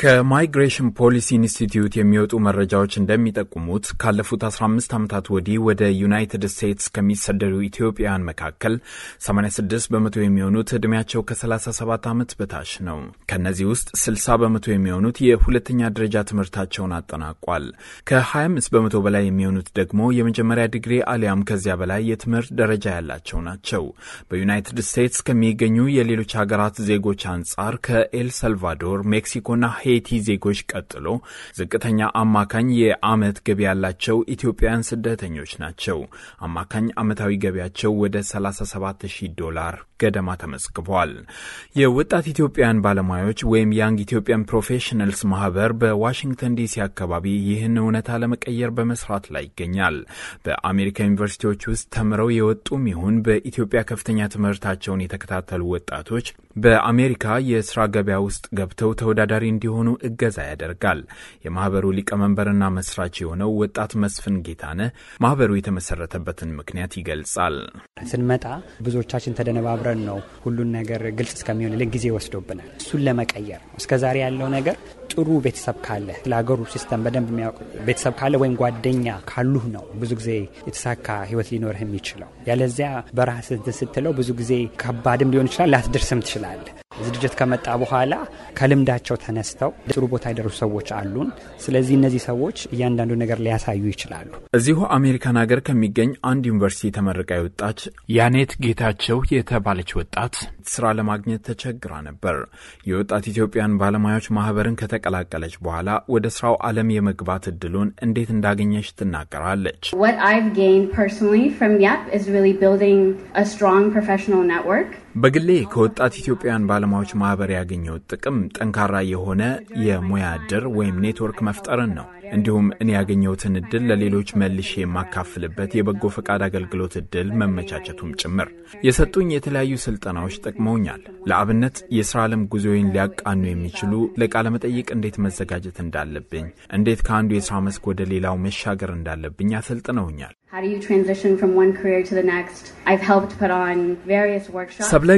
ከማይግሬሽን ፖሊሲ ኢንስቲትዩት የሚወጡ መረጃዎች እንደሚጠቁሙት ካለፉት 15 ዓመታት ወዲህ ወደ ዩናይትድ ስቴትስ ከሚሰደዱ ኢትዮጵያውያን መካከል 86 በመቶ የሚሆኑት ዕድሜያቸው ከ37 ዓመት በታች ነው። ከእነዚህ ውስጥ 60 በመቶ የሚሆኑት የሁለተኛ ደረጃ ትምህርታቸውን አጠናቋል። ከ25 በመቶ በላይ የሚሆኑት ደግሞ የመጀመሪያ ዲግሪ አሊያም ከዚያ በላይ የትምህርት ደረጃ ያላቸው ናቸው። በዩናይትድ ስቴትስ ከሚገኙ የሌሎች ሀገራት ዜጎች አንጻር ከኤል ሳልቫዶር፣ ሜክሲኮና ከሄይቲ ዜጎች ቀጥሎ ዝቅተኛ አማካኝ የዓመት ገቢ ያላቸው ኢትዮጵያውያን ስደተኞች ናቸው። አማካኝ ዓመታዊ ገቢያቸው ወደ 37000 ዶላር ገደማ ተመዝግቧል። የወጣት ኢትዮጵያውያን ባለሙያዎች ወይም ያንግ ኢትዮጵያን ፕሮፌሽናልስ ማህበር በዋሽንግተን ዲሲ አካባቢ ይህን እውነታ ለመቀየር በመስራት ላይ ይገኛል። በአሜሪካ ዩኒቨርሲቲዎች ውስጥ ተምረው የወጡም ይሁን በኢትዮጵያ ከፍተኛ ትምህርታቸውን የተከታተሉ ወጣቶች በአሜሪካ የስራ ገበያ ውስጥ ገብተው ተወዳዳሪ እንዲሆኑ እንዲሆኑ እገዛ ያደርጋል። የማህበሩ ሊቀመንበርና መስራች የሆነው ወጣት መስፍን ጌታነ ማህበሩ የተመሰረተበትን ምክንያት ይገልጻል። ስንመጣ ብዙዎቻችን ተደነባብረን ነው ሁሉን ነገር ግልጽ እስከሚሆንልን ጊዜ ወስዶብናል። እሱን ለመቀየር እስከዛሬ ያለው ነገር ጥሩ ቤተሰብ ካለ ለሀገሩ ሲስተም በደንብ የሚያውቅ ቤተሰብ ካለ ወይም ጓደኛ ካሉህ ነው ብዙ ጊዜ የተሳካ ህይወት ሊኖርህ የሚችለው። ያለዚያ በራስ ስትለው ብዙ ጊዜ ከባድም ሊሆን ይችላል፣ ላትደርስም ትችላለ ዝግጅት ከመጣ በኋላ ከልምዳቸው ተነስተው ጥሩ ቦታ የደረሱ ሰዎች አሉን። ስለዚህ እነዚህ ሰዎች እያንዳንዱ ነገር ሊያሳዩ ይችላሉ። እዚሁ አሜሪካን ሀገር ከሚገኝ አንድ ዩኒቨርሲቲ ተመርቃ የወጣች ያኔት ጌታቸው የተባለች ወጣት ስራ ለማግኘት ተቸግራ ነበር። የወጣት ኢትዮጵያን ባለሙያዎች ማህበርን ከተቀላቀለች በኋላ ወደ ስራው ዓለም የመግባት እድሉን እንዴት እንዳገኘች ትናገራለች። What I've gained personally from YAP is really building a strong professional network. በግሌ ከወጣት ኢትዮጵያውያን ባለሙያዎች ማህበር ያገኘው ጥቅም ጠንካራ የሆነ የሙያ ድር ወይም ኔትወርክ መፍጠርን ነው። እንዲሁም እኔ ያገኘሁትን እድል ለሌሎች መልሼ የማካፍልበት የበጎ ፈቃድ አገልግሎት እድል መመቻቸቱም ጭምር የሰጡኝ የተለያዩ ስልጠናዎች ጠቅመውኛል። ለአብነት የስራ ዓለም ጉዞዬን ሊያቃኑ የሚችሉ ለቃለመጠይቅ እንዴት መዘጋጀት እንዳለብኝ፣ እንዴት ከአንዱ የስራ መስክ ወደ ሌላው መሻገር እንዳለብኝ አሰልጥነውኛል።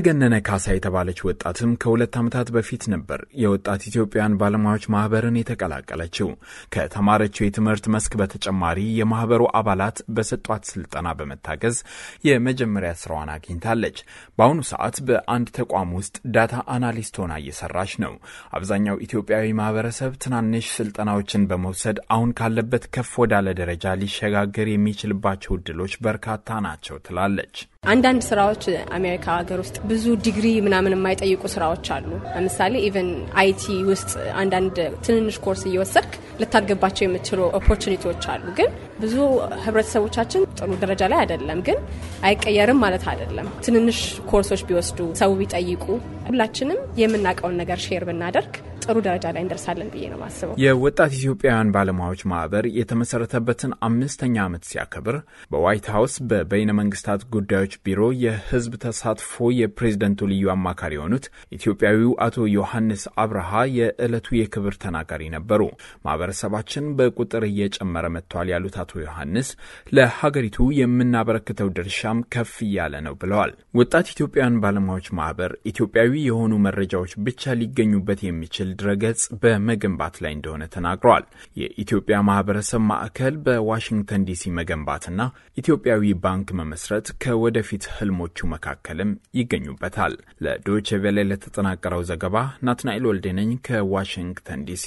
ገነነ ካሳ የተባለች ወጣትም ከሁለት ዓመታት በፊት ነበር የወጣት ኢትዮጵያን ባለሙያዎች ማህበርን የተቀላቀለችው። ከተማረችው የትምህርት መስክ በተጨማሪ የማህበሩ አባላት በሰጧት ስልጠና በመታገዝ የመጀመሪያ ስራዋን አግኝታለች። በአሁኑ ሰዓት በአንድ ተቋም ውስጥ ዳታ አናሊስት ሆና እየሰራች ነው። አብዛኛው ኢትዮጵያዊ ማህበረሰብ ትናንሽ ስልጠናዎችን በመውሰድ አሁን ካለበት ከፍ ወዳለ ደረጃ ሊሸጋገር የሚችልባቸው እድሎች በርካታ ናቸው ትላለች። አንዳንድ ስራዎች አሜሪካ ሀገር ውስጥ ብዙ ዲግሪ ምናምን የማይጠይቁ ስራዎች አሉ። ለምሳሌ ኢቨን አይቲ ውስጥ አንዳንድ ትንንሽ ኮርስ እየወሰድክ ልታድገባቸው የምትችሉ ኦፖርቹኒቲዎች አሉ። ግን ብዙ ህብረተሰቦቻችን ጥሩ ደረጃ ላይ አይደለም። ግን አይቀየርም ማለት አይደለም። ትንንሽ ኮርሶች ቢወስዱ፣ ሰው ቢጠይቁ፣ ሁላችንም የምናውቀውን ነገር ሼር ብናደርግ ጥሩ ደረጃ ላይ እንደርሳለን ብዬ ነው ማስበው። የወጣት ኢትዮጵያውያን ባለሙያዎች ማህበር የተመሰረተበትን አምስተኛ ዓመት ሲያከብር በዋይት ሀውስ በበይነ መንግስታት ጉዳዮች ቢሮ የህዝብ ተሳትፎ የፕሬዝደንቱ ልዩ አማካሪ የሆኑት ኢትዮጵያዊው አቶ ዮሐንስ አብርሃ የዕለቱ የክብር ተናጋሪ ነበሩ። ማህበረሰባችን በቁጥር እየጨመረ መጥቷል ያሉት አቶ ዮሐንስ ለሀገሪቱ የምናበረክተው ድርሻም ከፍ እያለ ነው ብለዋል። ወጣት ኢትዮጵያውያን ባለሙያዎች ማህበር ኢትዮጵያዊ የሆኑ መረጃዎች ብቻ ሊገኙበት የሚችል ድረገጽ በመገንባት ላይ እንደሆነ ተናግረዋል። የኢትዮጵያ ማህበረሰብ ማዕከል በዋሽንግተን ዲሲ መገንባትና ኢትዮጵያዊ ባንክ መመስረት ከወደፊት ህልሞቹ መካከልም ይገኙበታል። ለዶይቼ ቬለ ለተጠናቀረው ዘገባ ናትናኤል ወልዴነኝ ከዋሽንግተን ዲሲ